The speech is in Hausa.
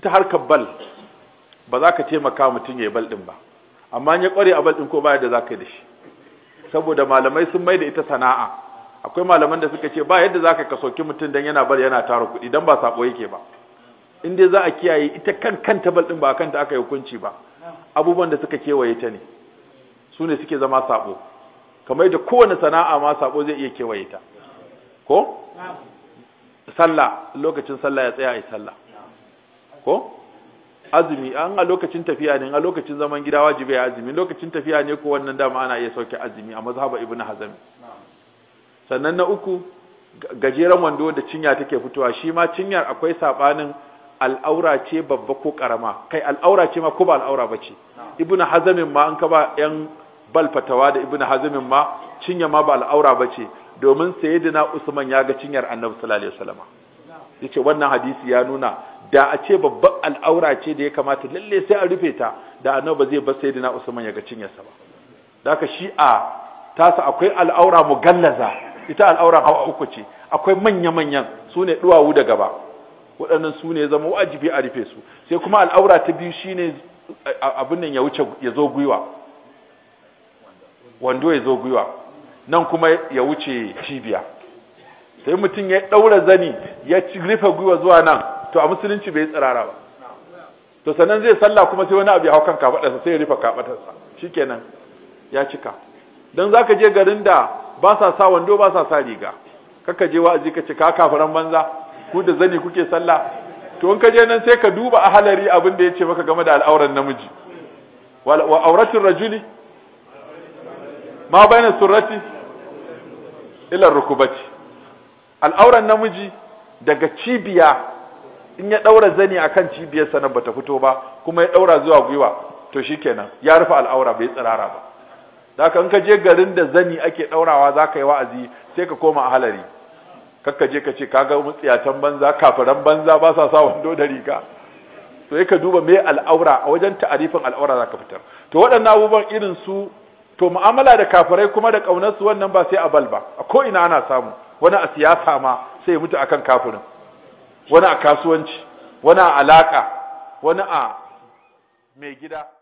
ita harkar bal ba za ka taimaka mutum ya yi bal ɗin ba amma ya ƙware a bal ɗin ko ba da za ka yi da shi saboda malamai sun mai da ita sana'a akwai malaman da suka ce ba yadda za ka kasoki mutum don yana bal yana tara kuɗi don ba saɓo yake ba in dai za a kiyaye ita kan kanta bal ɗin ba a kanta aka yi hukunci ba abubuwan da suka kewaye ta ne su ne suke zama saɓo kamar da kowane sana'a ma saɓo zai iya kewaye ta ko sallah lokacin sallah ya tsaya a yi sallah ko azumi an a lokacin tafiya ne a lokacin zaman gida wajibi ya azumi lokacin tafiya ne ko wannan dama ana iya sauke azumi a mazhaba ibnu hazami sannan na uku gajeren wando da cinya take fitowa shi ma cinyar akwai sabanin al'aura ce babba ko karama kai al'aura ce ma ko ba al'aura ba ibnu hazamin ma an ka ba yan bal fatawa da ibnu hazamin ma cinya ma ba al'aura ba ce domin sayyidina usman ya ga cinyar annabi sallallahu alaihi wasallam yace wannan hadisi ya nuna da a ce babban al'aura ce da ya kamata lalle sai a rufe ta da annabi ba zai bar sayyidina Usman ya ga cinyarsa ba daka shi a tasa akwai al'aura mugallaza ita al'aura hawa uku ce akwai manya manyan sune duwawu da gaba waɗannan sune zama wajibi a rufe su sai kuma al'aura ta biyu shine abin nan ya wuce ya zo gwiwa wando ya zo gwiwa nan kuma ya wuce cibiya sai mutum ya ɗaura zani ya rufe gwiwa zuwa nan to a musulunci bai tsirara ba to sannan zai salla kuma sai wani abu ya hau kan kafadarsa sai ya rufe kafadarsa shikenan ya cika dan zaka je garin da ba sa sa wando ba sa sa riga kaka je wa'azi ka cika kafaran banza ku da zani kuke salla. to in ka je nan sai ka duba ahalari abin da yace maka game da al'auran namiji wa auratul rajuli ma baina surrati ila rukubati al'auran namiji daga cibiya in ya ɗaura zani akan cibiyar sa nan bata fito ba kuma ya ɗaura zuwa gwiwa to shi kenan ya rufe al'aura bai tsirara ba da in ka je garin da zani ake ɗaurawa za ka yi wa'azi sai ka koma a halari kakka je ka ce kaga mutsiyatan banza kafiran banza ba sa sa wando da riga to sai ka duba me al'aura a wajen ta'arifin al'aura za ka fitar to waɗannan abubuwan irin su to mu'amala da kafirai kuma da ƙaunarsu wannan ba sai a bal ba a ko ina ana samu wani a siyasa ma sai mutu akan kafirin wani a kasuwanci wani a alaka wani a mai gida